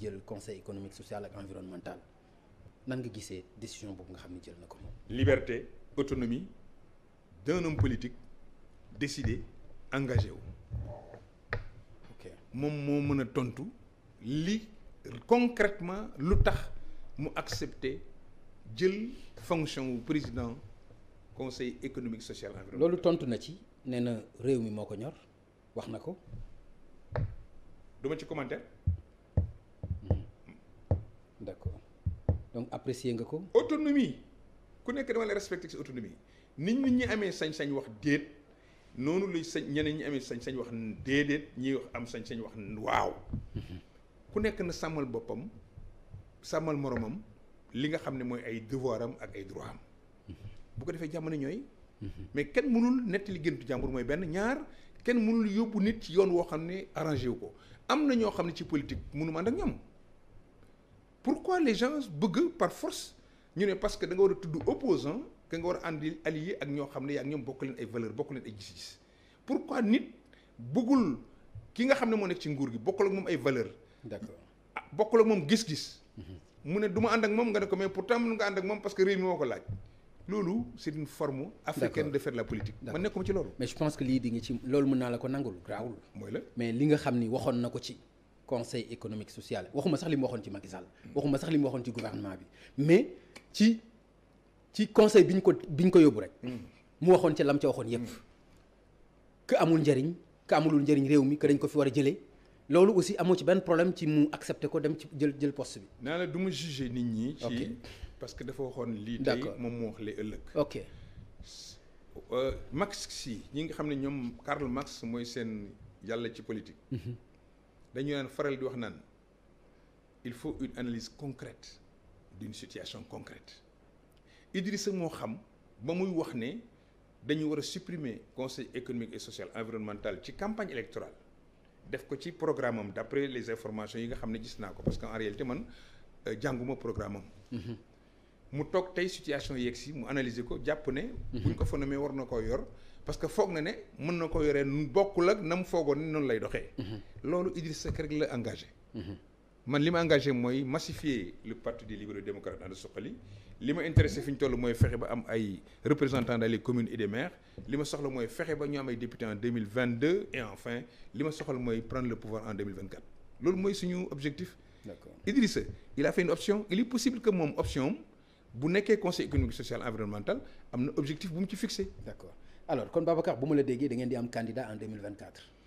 jël conseil économique social ak environnemental nan nga gisee décision boobu nga xam ne jël na ko moom. liberté autonomie d'un homme politique décidé engagé wu. moom moo mën a tontu li concrètement lu tax mu accepté jël fonction wu président conseil économique social environnemental. loolu tontu na ci nee na réew mi moo ko ñor wax na ko. duma ci commentaire. donc nga ko. autonomie ku nekk dama lay respecté ci autonomie nit ñi ñi amee sañ-sañ wax déet noonu luy sañ ñeneen ñi amee sañ-sañ wax déedéet ñiy wax am sañ-sañ wax waaw ku nekk na sàmmal boppam sàmmal moromam li nga xam ne mooy ay devoir ak ay droit am bu ko defee jamono ñooy. mais kenn mënul nettali géntu jàmbur mooy benn ñaar kenn mënul yóbbu nit ci yoon woo xam ne arrangé wu ko am na ñoo xam ne ci politique mënu ma ànd ak ñoom. pourquoi les bëgg par force ñu ne parce que da nga war a tudd opposant que nga war a àndi allié ak ñoo xam ne yaa ak ñoom bokk leen ay valeur bokk leen ay gis-gis pourquoi nit bëggul ki nga xam ne moo nekk ci nguur gi bokkul ak moom ay valeur d'accord ah, bokkul ak moom gis-gis mhm. mu ne du ma ànd ak moom nga ne ko mais pourtant mën nga ànd ak moom laaj loolu c'est une forme africaine de la politique man nekkuma ci loolu mais je pense que lii di nga ci loolu mën naa la ko nangul raawul mooy la mais li nga xam ni waxoon na ko ci conseil économique social waxuma sax li mu waxoon ci Macky Sall waxuma sax li mu waxoon ci gouvernement bi mais ci ci conseil bi ñu ko bi ñu ko yóbbu rek mu waxoon ci lam ci waxoon yépp que amul njariñ que amulul njariñ réew mi que dañ ko fi war a jëlee loolu aussi amoo ci benn problème ci mu accepté ko dem ci jël jël poste bi naa la du ma jugé nit ñi ci parce que dafa waxoon lii tey moom mu wax li ëllëg ok euh, Marx si ñi nga xam ne ñoom Karl Marx mooy seen yàlla ci politique mhm. dañu naan faral di wax naan il faut une analyse concrète d'une situation concrète Idrissa moo xam ba muy wax ne dañu war a supprimer conseil économique et social environnemental ci campagne électorale def ko ci programme am d'après les informations yi nga xam ne gis naa ko parce que en réalité man euh, jànguma programme mu toog tey situation yeeg si mu analyser ko jàpp ne. buñ ko fa namee war na koo yor parce que foog na ne mën na ko yoree bokk ak na mu foogoon ni noonu lay doxee. loolu Idriss Seck rek la engagé. man li ma engagé mooy massifier le parti des libéraux démocrates ànd suqali li ma intéressé fi ñu toll mooy fexe ba am ay représentants dans les communes et des maires li ma soxla mooy fexe ba ñu am ay députés en deux mille vingt deux et enfin li ma soxla mooy prendre le pouvoir en deux mille loolu mooy suñu objectif. d'accord Idrissa il a fait une option il est possible que moom option bu nekkee conseil économique social environnemental am na objectif bu mu ci fixé. d'accord alors kon Babacar bu ma la déggee da ngeen di am candidat en